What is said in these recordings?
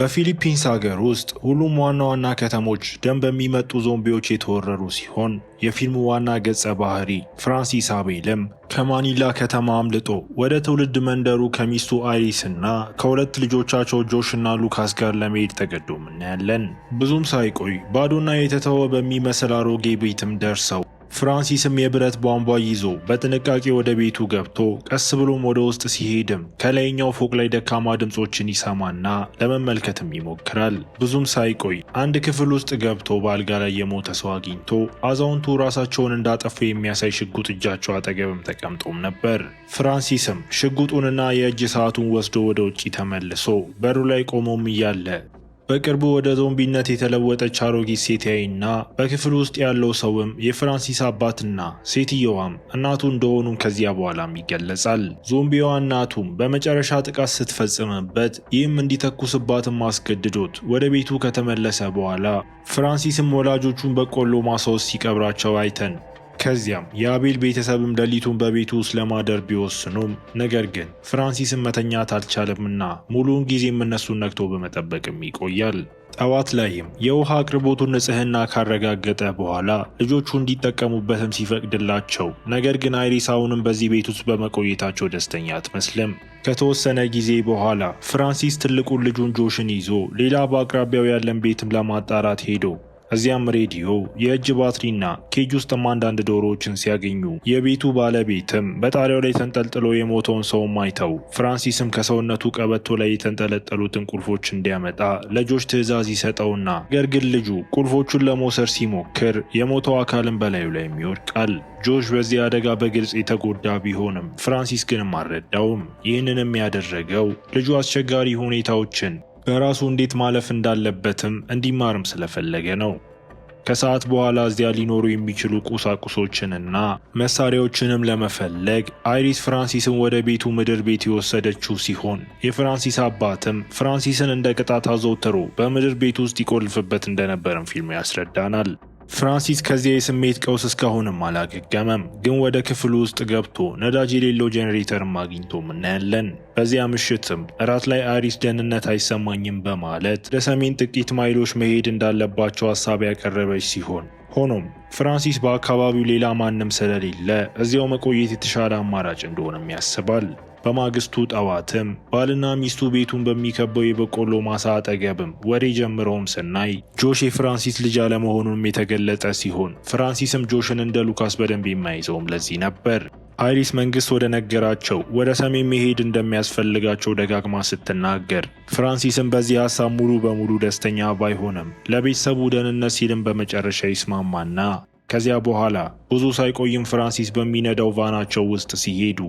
በፊሊፒንስ ሀገር ውስጥ ሁሉም ዋና ዋና ከተሞች ደም በሚመጡ ዞምቢዎች የተወረሩ ሲሆን የፊልሙ ዋና ገጸ ባህሪ ፍራንሲስ አቤልም ከማኒላ ከተማ አምልጦ ወደ ትውልድ መንደሩ ከሚስቱ አይሪስ እና ከሁለት ልጆቻቸው ጆሽ እና ሉካስ ጋር ለመሄድ ተገዶ እናያለን። ብዙም ሳይቆይ ባዶና የተተወ በሚመስል አሮጌ ቤትም ደርሰው ፍራንሲስም የብረት ቧንቧ ይዞ በጥንቃቄ ወደ ቤቱ ገብቶ ቀስ ብሎም ወደ ውስጥ ሲሄድም ከላይኛው ፎቅ ላይ ደካማ ድምፆችን ይሰማና ለመመልከትም ይሞክራል። ብዙም ሳይቆይ አንድ ክፍል ውስጥ ገብቶ በአልጋ ላይ የሞተ ሰው አግኝቶ አዛውንቱ ራሳቸውን እንዳጠፉ የሚያሳይ ሽጉጥ እጃቸው አጠገብም ተቀምጦም ነበር። ፍራንሲስም ሽጉጡንና የእጅ ሰዓቱን ወስዶ ወደ ውጭ ተመልሶ በሩ ላይ ቆሞም እያለ በቅርቡ ወደ ዞምቢነት የተለወጠች አሮጊት ሴት ያይና በክፍል ውስጥ ያለው ሰውም የፍራንሲስ አባትና ሴትየዋም እናቱ እንደሆኑ ከዚያ በኋላም ይገለጻል። ዞምቢዋ እናቱም በመጨረሻ ጥቃት ስትፈጽምበት ይህም እንዲተኩስባትም አስገድዶት ወደ ቤቱ ከተመለሰ በኋላ ፍራንሲስም ወላጆቹን በቆሎ ማሳ ውስጥ ሲቀብራቸው አይተን ከዚያም የአቤል ቤተሰብም ሌሊቱን በቤቱ ውስጥ ለማደር ቢወስኑም ነገር ግን ፍራንሲስን መተኛት አልቻለምና ሙሉውን ጊዜም እነሱን ነግቶ በመጠበቅም ይቆያል። ጠዋት ላይም የውሃ አቅርቦቱን ንጽህና ካረጋገጠ በኋላ ልጆቹ እንዲጠቀሙበትም ሲፈቅድላቸው፣ ነገር ግን አይሪስ አሁንም በዚህ ቤት ውስጥ በመቆየታቸው ደስተኛ አትመስልም። ከተወሰነ ጊዜ በኋላ ፍራንሲስ ትልቁን ልጁን ጆሽን ይዞ ሌላ በአቅራቢያው ያለን ቤትም ለማጣራት ሄዶ እዚያም ሬዲዮ፣ የእጅ ባትሪና ኬጅ ውስጥም አንዳንድ ዶሮዎችን ሲያገኙ የቤቱ ባለቤትም በጣሪያው ላይ ተንጠልጥሎ የሞተውን ሰውም አይተው ፍራንሲስም ከሰውነቱ ቀበቶ ላይ የተንጠለጠሉትን ቁልፎች እንዲያመጣ ለጆች ትዕዛዝ ይሰጠውና ነገር ግን ልጁ ቁልፎቹን ለመውሰድ ሲሞክር የሞተው አካልን በላዩ ላይ ይወድቃል። ጆሽ በዚህ አደጋ በግልጽ የተጎዳ ቢሆንም ፍራንሲስ ግንም አልረዳውም። ይህንንም ያደረገው ልጁ አስቸጋሪ ሁኔታዎችን በራሱ እንዴት ማለፍ እንዳለበትም እንዲማርም ስለፈለገ ነው። ከሰዓት በኋላ እዚያ ሊኖሩ የሚችሉ ቁሳቁሶችንና መሳሪያዎችንም ለመፈለግ አይሪስ ፍራንሲስን ወደ ቤቱ ምድር ቤት የወሰደችው ሲሆን የፍራንሲስ አባትም ፍራንሲስን እንደ ቅጣት አዘውትሮ በምድር ቤት ውስጥ ይቆልፍበት እንደነበረም ፊልሙ ያስረዳናል። ፍራንሲስ ከዚያ የስሜት ቀውስ እስካሁንም አላገገመም፣ ግን ወደ ክፍሉ ውስጥ ገብቶ ነዳጅ የሌለው ጄኔሬተርም አግኝቶ እናያለን። በዚያ ምሽትም እራት ላይ አሪስ ደህንነት አይሰማኝም በማለት ለሰሜን ጥቂት ማይሎች መሄድ እንዳለባቸው ሀሳብ ያቀረበች ሲሆን ሆኖም ፍራንሲስ በአካባቢው ሌላ ማንም ስለሌለ እዚያው መቆየት የተሻለ አማራጭ እንደሆነም ያስባል። በማግስቱ ጠዋትም ባልና ሚስቱ ቤቱን በሚከበው የበቆሎ ማሳ አጠገብም ወሬ ጀምረውም ስናይ ጆሽ የፍራንሲስ ልጅ አለመሆኑንም የተገለጠ ሲሆን ፍራንሲስም ጆሽን እንደ ሉካስ በደንብ የማይዘውም ለዚህ ነበር። አይሪስ መንግስት ወደ ነገራቸው ወደ ሰሜን መሄድ እንደሚያስፈልጋቸው ደጋግማ ስትናገር፣ ፍራንሲስም በዚህ ሀሳብ ሙሉ በሙሉ ደስተኛ ባይሆንም ለቤተሰቡ ደህንነት ሲልም በመጨረሻ ይስማማና ከዚያ በኋላ ብዙ ሳይቆይም ፍራንሲስ በሚነዳው ቫናቸው ውስጥ ሲሄዱ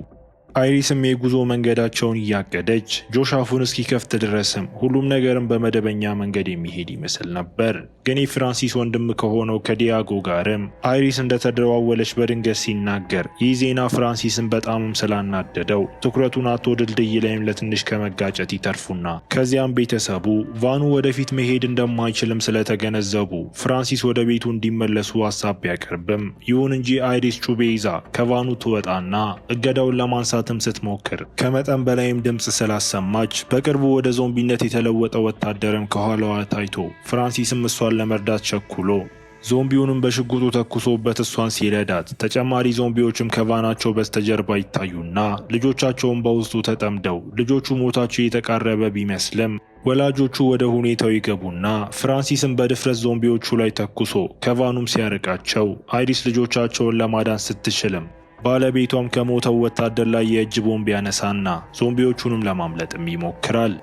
አይሪስም የጉዞ መንገዳቸውን እያቀደች ጆሽ አፉን እስኪከፍት ድረስም ሁሉም ነገርም በመደበኛ መንገድ የሚሄድ ይመስል ነበር። ግን የፍራንሲስ ወንድም ከሆነው ከዲያጎ ጋርም አይሪስ እንደተደዋወለች በድንገት ሲናገር ይህ ዜና ፍራንሲስን በጣምም ስላናደደው ትኩረቱን አቶ ድልድይ ላይም ለትንሽ ከመጋጨት ይተርፉና ከዚያም ቤተሰቡ ቫኑ ወደፊት መሄድ እንደማይችልም ስለተገነዘቡ ፍራንሲስ ወደ ቤቱ እንዲመለሱ ሀሳብ ቢያቀርብም ይሁን እንጂ አይሪስ ጩቤ ይዛ ከቫኑ ትወጣና እገዳውን ለማንሳት ለማጥፋትም ስትሞክር ከመጠን በላይም ድምፅ ስላሰማች በቅርቡ ወደ ዞምቢነት የተለወጠ ወታደርም ከኋላዋ ታይቶ ፍራንሲስም እሷን ለመርዳት ቸኩሎ ዞምቢውንም በሽጉጡ ተኩሶበት እሷን ሲረዳት ተጨማሪ ዞምቢዎችም ከቫናቸው በስተጀርባ ይታዩና ልጆቻቸውን በውስጡ ተጠምደው ልጆቹ ሞታቸው የተቃረበ ቢመስልም ወላጆቹ ወደ ሁኔታው ይገቡና ፍራንሲስም በድፍረት ዞምቢዎቹ ላይ ተኩሶ ከቫኑም ሲያርቃቸው አይሪስ ልጆቻቸውን ለማዳን ስትችልም ባለቤቷም ከሞተው ወታደር ላይ የእጅ ቦምብ ያነሳና ዞምቢዎቹንም ለማምለጥም ይሞክራል።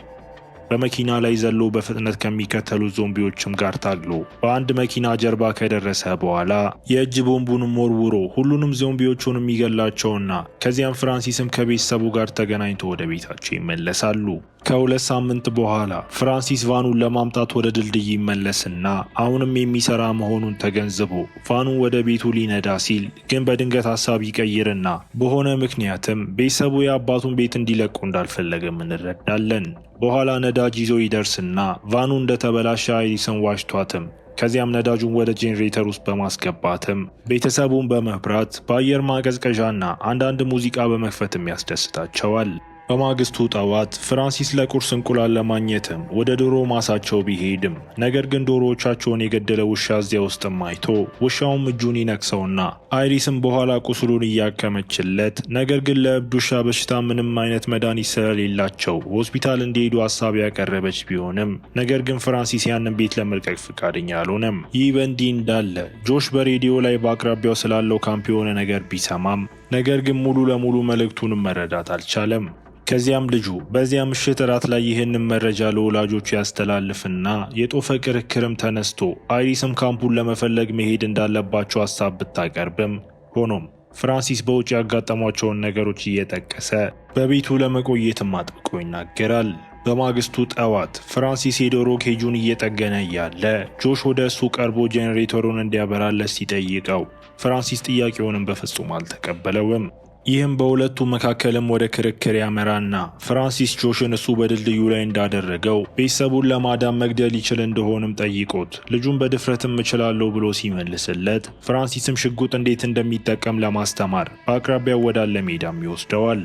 በመኪና ላይ ዘሎ በፍጥነት ከሚከተሉ ዞምቢዎችም ጋር ታግሎ በአንድ መኪና ጀርባ ከደረሰ በኋላ የእጅ ቦምቡንም ወርውሮ ሁሉንም ዞምቢዎቹን የሚገላቸውና ከዚያም ፍራንሲስም ከቤተሰቡ ጋር ተገናኝቶ ወደ ቤታቸው ይመለሳሉ። ከሁለት ሳምንት በኋላ ፍራንሲስ ቫኑን ለማምጣት ወደ ድልድይ ይመለስና አሁንም የሚሰራ መሆኑን ተገንዝቦ ቫኑን ወደ ቤቱ ሊነዳ ሲል ግን በድንገት ሀሳብ ይቀይርና በሆነ ምክንያትም ቤተሰቡ የአባቱን ቤት እንዲለቁ እንዳልፈለገም እንረዳለን። በኋላ ነዳጅ ይዞ ይደርስና ቫኑ እንደተበላሸ አይሪስን ዋሽቷትም ከዚያም ነዳጁን ወደ ጄኔሬተር ውስጥ በማስገባትም ቤተሰቡን በመብራት በአየር ማቀዝቀዣና አንዳንድ ሙዚቃ በመክፈትም ያስደስታቸዋል። በማግስቱ ጠዋት ፍራንሲስ ለቁርስ እንቁላል ለማግኘትም ወደ ዶሮ ማሳቸው ቢሄድም ነገር ግን ዶሮዎቻቸውን የገደለ ውሻ እዚያ ውስጥም አይቶ ውሻውም እጁን ይነክሰውና አይሪስም በኋላ ቁስሉን እያከመችለት ነገር ግን ለእብድ ውሻ በሽታ ምንም አይነት መድኃኒት ስለሌላቸው ሆስፒታል እንዲሄዱ ሀሳብ ያቀረበች ቢሆንም ነገር ግን ፍራንሲስ ያንን ቤት ለመልቀቅ ፈቃደኛ አልሆነም። ይህ በእንዲህ እንዳለ ጆሽ በሬዲዮ ላይ በአቅራቢያው ስላለው ካምፕ የሆነ ነገር ቢሰማም ነገር ግን ሙሉ ለሙሉ መልእክቱንም መረዳት አልቻለም። ከዚያም ልጁ በዚያ ምሽት እራት ላይ ይህንን መረጃ ለወላጆቹ ያስተላልፍና የጦፈ ክርክርም ተነስቶ አይሪስም ካምፑን ለመፈለግ መሄድ እንዳለባቸው ሀሳብ ብታቀርብም ሆኖም ፍራንሲስ በውጭ ያጋጠሟቸውን ነገሮች እየጠቀሰ በቤቱ ለመቆየትም አጥብቆ ይናገራል። በማግስቱ ጠዋት ፍራንሲስ የዶሮ ኬጁን እየጠገነ እያለ ጆሽ ወደ እሱ ቀርቦ ጄኔሬተሩን እንዲያበራለት ሲጠይቀው ፍራንሲስ ጥያቄውንም በፍጹም አልተቀበለውም። ይህም በሁለቱ መካከልም ወደ ክርክር ያመራና ፍራንሲስ ጆሽን እሱ በድልድዩ ላይ እንዳደረገው ቤተሰቡን ለማዳም መግደል ይችል እንደሆንም ጠይቆት ልጁን በድፍረትም እችላለሁ ብሎ ሲመልስለት ፍራንሲስም ሽጉጥ እንዴት እንደሚጠቀም ለማስተማር በአቅራቢያው ወዳለ ሜዳም ይወስደዋል።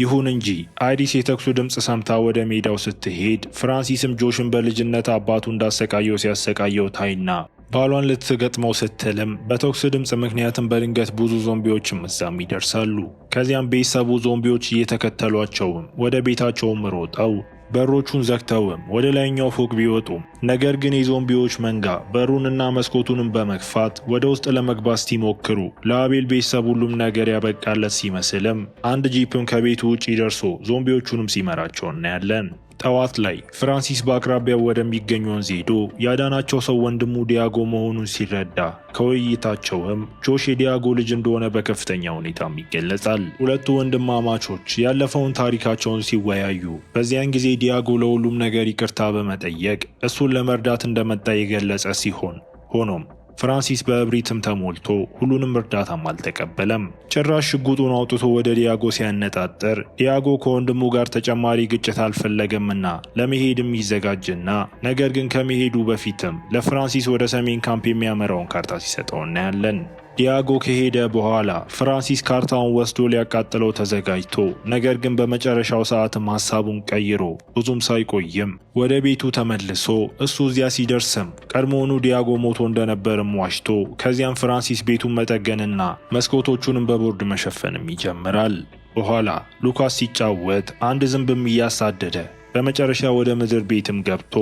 ይሁን እንጂ አይሪስ የተኩሱ ድምፅ ሰምታ ወደ ሜዳው ስትሄድ ፍራንሲስም ጆሽን በልጅነት አባቱ እንዳሰቃየው ሲያሰቃየው ታይና ባሏን ልትገጥመው ስትልም በተኩስ ድምፅ ምክንያትም በድንገት ብዙ ዞምቢዎችም እዛም ይደርሳሉ። ከዚያም ቤተሰቡ ዞምቢዎች እየተከተሏቸውም ወደ ቤታቸውም ሮጠው በሮቹን ዘግተውም ወደ ላይኛው ፎቅ ቢወጡም ነገር ግን የዞምቢዎች መንጋ በሩንና መስኮቱንም በመግፋት ወደ ውስጥ ለመግባት ሲሞክሩ ለአቤል ቤተሰብ ሁሉም ነገር ያበቃለት ሲመስልም አንድ ጂፕም ከቤቱ ውጭ ደርሶ ዞምቢዎቹንም ሲመራቸው እናያለን። ጠዋት ላይ ፍራንሲስ በአቅራቢያው ወደሚገኝ ወንዝ ሄዶ ያዳናቸው ሰው ወንድሙ ዲያጎ መሆኑን ሲረዳ ከውይይታቸውም ጆሽ የዲያጎ ልጅ እንደሆነ በከፍተኛ ሁኔታም ይገለጻል። ሁለቱ ወንድማማቾች ያለፈውን ታሪካቸውን ሲወያዩ በዚያን ጊዜ ዲያጎ ለሁሉም ነገር ይቅርታ በመጠየቅ እሱ እሱን ለመርዳት እንደመጣ የገለጸ ሲሆን ሆኖም ፍራንሲስ በእብሪትም ተሞልቶ ሁሉንም እርዳታም አልተቀበለም። ጭራሽ ሽጉጡን አውጥቶ ወደ ዲያጎ ሲያነጣጠር ዲያጎ ከወንድሙ ጋር ተጨማሪ ግጭት አልፈለገምና ለመሄድም ይዘጋጅና ነገር ግን ከመሄዱ በፊትም ለፍራንሲስ ወደ ሰሜን ካምፕ የሚያመራውን ካርታ ሲሰጠው እናያለን። ዲያጎ ከሄደ በኋላ ፍራንሲስ ካርታውን ወስዶ ሊያቃጥለው ተዘጋጅቶ፣ ነገር ግን በመጨረሻው ሰዓትም ሀሳቡን ቀይሮ ብዙም ሳይቆይም ወደ ቤቱ ተመልሶ እሱ እዚያ ሲደርስም ቀድሞውኑ ዲያጎ ሞቶ እንደነበርም ዋሽቶ ከዚያም ፍራንሲስ ቤቱን መጠገንና መስኮቶቹንም በቦርድ መሸፈንም ይጀምራል። በኋላ ሉካስ ሲጫወት አንድ ዝንብም እያሳደደ በመጨረሻ ወደ ምድር ቤትም ገብቶ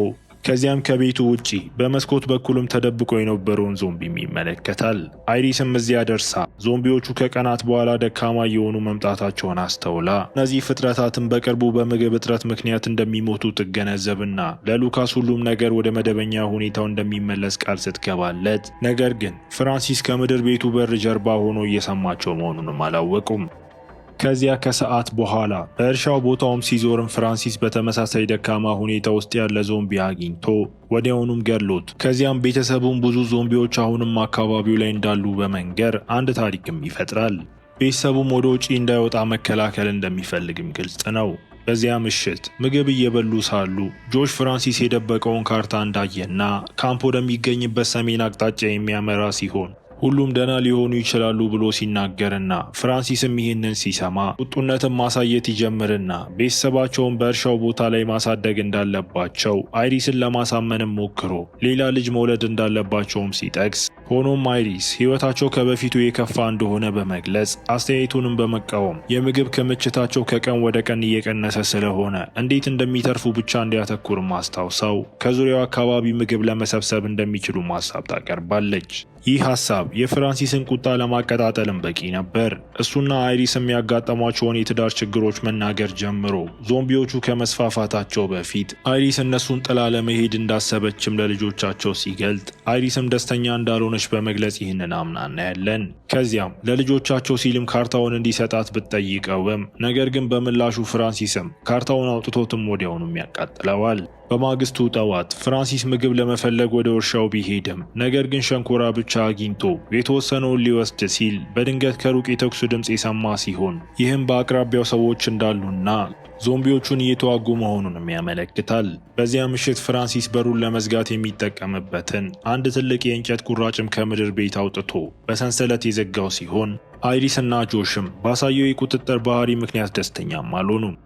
ከዚያም ከቤቱ ውጪ በመስኮት በኩልም ተደብቆ የነበረውን ዞምቢም ይመለከታል። አይሪስም እዚያ ደርሳ ዞምቢዎቹ ከቀናት በኋላ ደካማ እየሆኑ መምጣታቸውን አስተውላ እነዚህ ፍጥረታትን በቅርቡ በምግብ እጥረት ምክንያት እንደሚሞቱ ትገነዘብና ለሉካስ ሁሉም ነገር ወደ መደበኛ ሁኔታው እንደሚመለስ ቃል ስትገባለት፣ ነገር ግን ፍራንሲስ ከምድር ቤቱ በር ጀርባ ሆኖ እየሰማቸው መሆኑንም አላወቁም። ከዚያ ከሰዓት በኋላ በእርሻው ቦታውም ሲዞርም ፍራንሲስ በተመሳሳይ ደካማ ሁኔታ ውስጥ ያለ ዞምቢ አግኝቶ ወዲያውኑም ገድሎት ከዚያም ቤተሰቡን ብዙ ዞምቢዎች አሁንም አካባቢው ላይ እንዳሉ በመንገር አንድ ታሪክም ይፈጥራል። ቤተሰቡም ወደ ውጪ እንዳይወጣ መከላከል እንደሚፈልግም ግልጽ ነው። በዚያ ምሽት ምግብ እየበሉ ሳሉ ጆሽ ፍራንሲስ የደበቀውን ካርታ እንዳየና ካምፕ ወደሚገኝበት ሰሜን አቅጣጫ የሚያመራ ሲሆን ሁሉም ደህና ሊሆኑ ይችላሉ ብሎ ሲናገርና ፍራንሲስም ይህንን ሲሰማ ቁጡነትን ማሳየት ይጀምርና ቤተሰባቸውን በእርሻው ቦታ ላይ ማሳደግ እንዳለባቸው አይሪስን ለማሳመንም ሞክሮ ሌላ ልጅ መውለድ እንዳለባቸውም ሲጠቅስ፣ ሆኖም አይሪስ ሕይወታቸው ከበፊቱ የከፋ እንደሆነ በመግለጽ አስተያየቱንም በመቃወም የምግብ ክምችታቸው ከቀን ወደ ቀን እየቀነሰ ስለሆነ እንዴት እንደሚተርፉ ብቻ እንዲያተኩርም አስታውሰው ከዙሪያው አካባቢ ምግብ ለመሰብሰብ እንደሚችሉ ማሳብ ታቀርባለች። ይህ ሀሳብ የፍራንሲስን ቁጣ ለማቀጣጠልም በቂ ነበር። እሱና አይሪስ የሚያጋጠሟቸውን የትዳር ችግሮች መናገር ጀምሮ ዞምቢዎቹ ከመስፋፋታቸው በፊት አይሪስ እነሱን ጥላ ለመሄድ እንዳሰበችም ለልጆቻቸው ሲገልጥ፣ አይሪስም ደስተኛ እንዳልሆነች በመግለጽ ይህንን አምና እናያለን። ከዚያም ለልጆቻቸው ሲልም ካርታውን እንዲሰጣት ብትጠይቀውም ነገር ግን በምላሹ ፍራንሲስም ካርታውን አውጥቶትም ወዲያውኑም ያቃጥለዋል። በማግስቱ ጠዋት ፍራንሲስ ምግብ ለመፈለግ ወደ እርሻው ቢሄድም ነገር ግን ሸንኮራ ብቻ አግኝቶ የተወሰነውን ሊወስድ ሲል በድንገት ከሩቅ የተኩስ ድምፅ የሰማ ሲሆን ይህም በአቅራቢያው ሰዎች እንዳሉና ዞምቢዎቹን እየተዋጉ መሆኑንም ያመለክታል። በዚያ ምሽት ፍራንሲስ በሩን ለመዝጋት የሚጠቀምበትን አንድ ትልቅ የእንጨት ቁራጭም ከምድር ቤት አውጥቶ በሰንሰለት የዘጋው ሲሆን አይሪስ እና ጆሽም ባሳየው የቁጥጥር ባህሪ ምክንያት ደስተኛም አልሆኑም።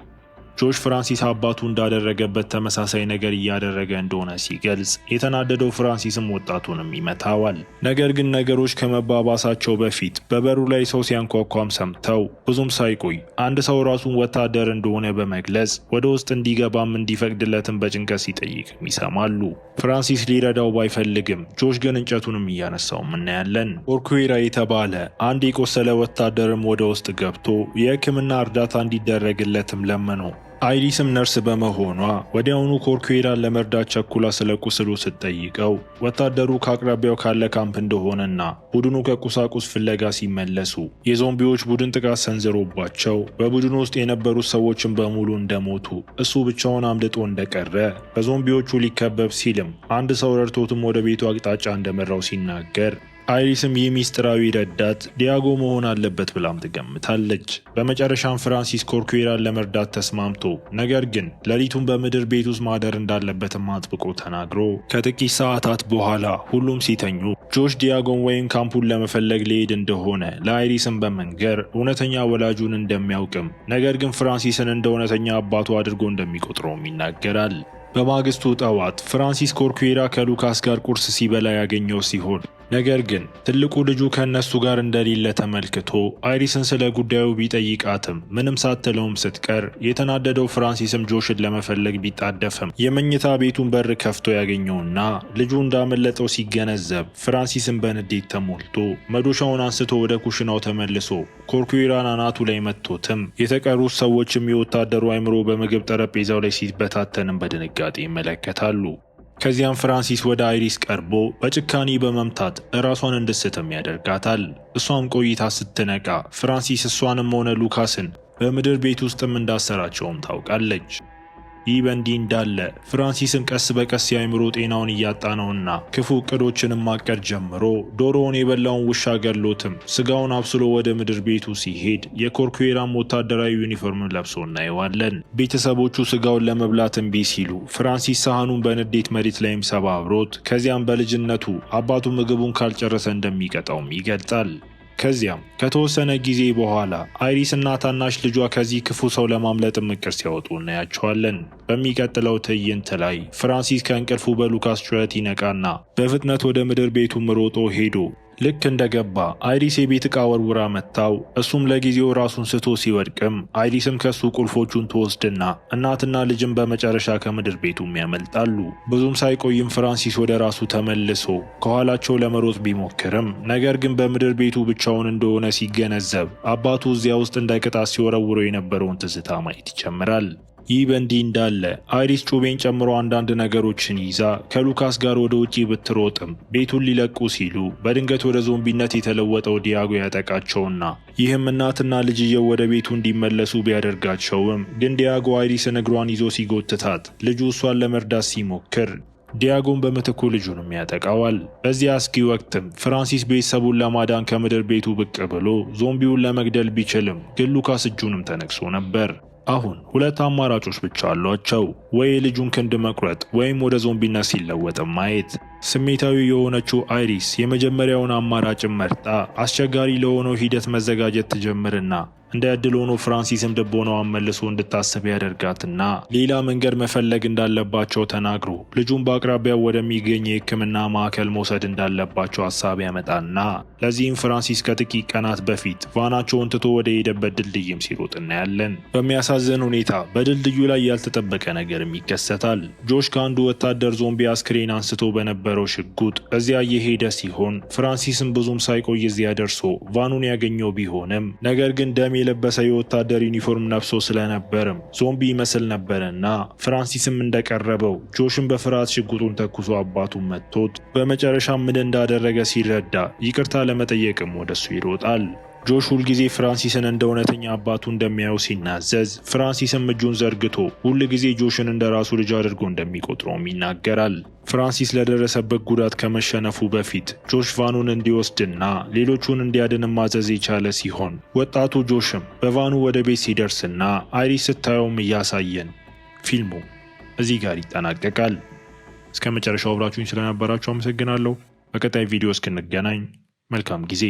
ጆርጅ ፍራንሲስ አባቱ እንዳደረገበት ተመሳሳይ ነገር እያደረገ እንደሆነ ሲገልጽ የተናደደው ፍራንሲስም ወጣቱንም ይመታዋል። ነገር ግን ነገሮች ከመባባሳቸው በፊት በበሩ ላይ ሰው ሲያንኳኳም ሰምተው ብዙም ሳይቆይ አንድ ሰው ራሱን ወታደር እንደሆነ በመግለጽ ወደ ውስጥ እንዲገባም እንዲፈቅድለትም በጭንቀት ሲጠይቅም ይሰማሉ። ፍራንሲስ ሊረዳው ባይፈልግም ጆርጅ ግን እንጨቱንም እያነሳውም እናያለን። ኦርኩዌራ የተባለ አንድ የቆሰለ ወታደርም ወደ ውስጥ ገብቶ የሕክምና እርዳታ እንዲደረግለትም ለመነው። አይሪስም ነርስ በመሆኗ ወዲያውኑ ኮርኩዌዳን ለመርዳት ቸኩላ ስለ ቁስሉ ስትጠይቀው ወታደሩ ከአቅራቢያው ካለ ካምፕ እንደሆነና ቡድኑ ከቁሳቁስ ፍለጋ ሲመለሱ የዞምቢዎች ቡድን ጥቃት ሰንዝሮባቸው በቡድኑ ውስጥ የነበሩት ሰዎችን በሙሉ እንደሞቱ እሱ ብቻውን አምልጦ እንደቀረ በዞምቢዎቹ ሊከበብ ሲልም አንድ ሰው ረድቶትም ወደ ቤቱ አቅጣጫ እንደመራው ሲናገር አይሪስም የሚስጥራዊ ረዳት ዲያጎ መሆን አለበት ብላም ትገምታለች። በመጨረሻም ፍራንሲስ ኮርኩዌራን ለመርዳት ተስማምቶ ነገር ግን ሌሊቱን በምድር ቤት ውስጥ ማደር እንዳለበትም አጥብቆ ተናግሮ ከጥቂት ሰዓታት በኋላ ሁሉም ሲተኙ ጆሽ ዲያጎን ወይም ካምፑን ለመፈለግ ሊሄድ እንደሆነ ለአይሪስም በመንገር እውነተኛ ወላጁን እንደሚያውቅም ነገር ግን ፍራንሲስን እንደ እውነተኛ አባቱ አድርጎ እንደሚቆጥረውም ይናገራል። በማግስቱ ጠዋት ፍራንሲስ ኮርኩዌራ ከሉካስ ጋር ቁርስ ሲበላ ያገኘው ሲሆን ነገር ግን ትልቁ ልጁ ከእነሱ ጋር እንደሌለ ተመልክቶ አይሪስን ስለ ጉዳዩ ቢጠይቃትም ምንም ሳትለውም ስትቀር የተናደደው ፍራንሲስም ጆሽን ለመፈለግ ቢጣደፍም የመኝታ ቤቱን በር ከፍቶ ያገኘውና ልጁ እንዳመለጠው ሲገነዘብ ፍራንሲስም በንዴት ተሞልቶ መዶሻውን አንስቶ ወደ ኩሽናው ተመልሶ ኮርኩራን አናቱ ላይ መጥቶትም የተቀሩት ሰዎችም የወታደሩ አይምሮ በምግብ ጠረጴዛው ላይ ሲበታተንም በድንጋጤ ይመለከታሉ። ከዚያም ፍራንሲስ ወደ አይሪስ ቀርቦ በጭካኔ በመምታት እራሷን እንድስትም ያደርጋታል። እሷም ቆይታ ስትነቃ ፍራንሲስ እሷንም ሆነ ሉካስን በምድር ቤት ውስጥም እንዳሰራቸውም ታውቃለች። ይህ በእንዲህ እንዳለ ፍራንሲስም ቀስ በቀስ የአእምሮ ጤናውን እያጣ ነውና ክፉ ቅዶችን ማቀድ ጀምሮ ዶሮውን የበላውን ውሻ ገሎትም ስጋውን አብስሎ ወደ ምድር ቤቱ ሲሄድ የኮርኩዌራም ወታደራዊ ዩኒፎርም ለብሶ እናየዋለን። ቤተሰቦቹ ስጋውን ለመብላት እምቢ ሲሉ ፍራንሲስ ሳህኑን በንዴት መሬት ላይም ሰባብሮት ከዚያም በልጅነቱ አባቱ ምግቡን ካልጨረሰ እንደሚቀጣውም ይገልጣል። ከዚያም ከተወሰነ ጊዜ በኋላ አይሪስ እና ታናሽ ልጇ ከዚህ ክፉ ሰው ለማምለጥ እቅድ ሲያወጡ እናያቸዋለን። በሚቀጥለው ትዕይንት ላይ ፍራንሲስ ከእንቅልፉ በሉካስ ጩኸት ይነቃና በፍጥነት ወደ ምድር ቤቱ ሮጦ ሄዶ ልክ እንደገባ አይሪስ የቤት ዕቃ ወርውራ መታው። እሱም ለጊዜው ራሱን ስቶ ሲወድቅም አይሪስም ከሱ ቁልፎቹን ትወስድና እናትና ልጅም በመጨረሻ ከምድር ቤቱም ያመልጣሉ። ብዙም ሳይቆይም ፍራንሲስ ወደ ራሱ ተመልሶ ከኋላቸው ለመሮጥ ቢሞክርም ነገር ግን በምድር ቤቱ ብቻውን እንደሆነ ሲገነዘብ አባቱ እዚያ ውስጥ ቅጣት ሲወረውረው የነበረውን ትዝታ ማየት ይጀምራል። ይህ በእንዲህ እንዳለ አይሪስ ጩቤን ጨምሮ አንዳንድ ነገሮችን ይዛ ከሉካስ ጋር ወደ ውጪ ብትሮጥም ቤቱን ሊለቁ ሲሉ በድንገት ወደ ዞምቢነት የተለወጠው ዲያጎ ያጠቃቸውና ይህም እናትና ልጅየው ወደ ቤቱ እንዲመለሱ ቢያደርጋቸውም ግን ዲያጎ አይሪስን እግሯን ይዞ ሲጎትታት ልጁ እሷን ለመርዳት ሲሞክር ዲያጎን በምትኩ ልጁንም ያጠቃዋል። በዚያ አስጊ ወቅትም ፍራንሲስ ቤተሰቡን ለማዳን ከምድር ቤቱ ብቅ ብሎ ዞምቢውን ለመግደል ቢችልም ግን ሉካስ እጁንም ተነቅሶ ነበር። አሁን ሁለት አማራጮች ብቻ አሏቸው፣ ወይ ልጁን ክንድ መቁረጥ ወይም ወደ ዞምቢነት ሲለወጥ ማየት። ስሜታዊ የሆነችው አይሪስ የመጀመሪያውን አማራጭ መርጣ አስቸጋሪ ለሆነው ሂደት መዘጋጀት ትጀምርና እንደ ዕድል ሆኖ ፍራንሲስም ልቦናዋን መልሶ እንድታስብ ያደርጋትና ሌላ መንገድ መፈለግ እንዳለባቸው ተናግሮ ልጁን በአቅራቢያው ወደሚገኝ የሕክምና ማዕከል መውሰድ እንዳለባቸው ሀሳብ ያመጣና ለዚህም ፍራንሲስ ከጥቂት ቀናት በፊት ቫናቸውን ትቶ ወደ ሄደበት ድልድይም ሲሮጥ እናያለን። በሚያሳዝን ሁኔታ በድልድዩ ላይ ያልተጠበቀ ነገርም ይከሰታል። ጆሽ ከአንዱ ወታደር ዞምቢ አስክሬን አንስቶ በነበ የነበረው ሽጉጥ እዚያ እየሄደ ሲሆን ፍራንሲስም ብዙም ሳይቆይ እዚያ ደርሶ ቫኑን ያገኘው ቢሆንም ነገር ግን ደም የለበሰ የወታደር ዩኒፎርም ለብሶ ስለነበርም ዞምቢ ይመስል ነበረና ፍራንሲስም እንደቀረበው ጆሽን በፍርሃት ሽጉጡን ተኩሶ አባቱን መጥቶት በመጨረሻ ምን እንዳደረገ ሲረዳ ይቅርታ ለመጠየቅም ወደሱ ይሮጣል። ጆሽ ሁልጊዜ ፍራንሲስን እንደ እውነተኛ አባቱ እንደሚያየው ሲናዘዝ ፍራንሲስም እጁን ዘርግቶ ሁልጊዜ ጆሽን እንደ ራሱ ልጅ አድርጎ እንደሚቆጥረውም ይናገራል። ፍራንሲስ ለደረሰበት ጉዳት ከመሸነፉ በፊት ጆሽ ቫኑን እንዲወስድና ሌሎቹን እንዲያድን ማዘዝ የቻለ ሲሆን ወጣቱ ጆሽም በቫኑ ወደ ቤት ሲደርስና አይሪስ ስታየውም እያሳየን ፊልሙ እዚህ ጋር ይጠናቀቃል። እስከ መጨረሻው አብራችሁኝ ስለነበራችሁ አመሰግናለሁ። በቀጣይ ቪዲዮ እስክንገናኝ መልካም ጊዜ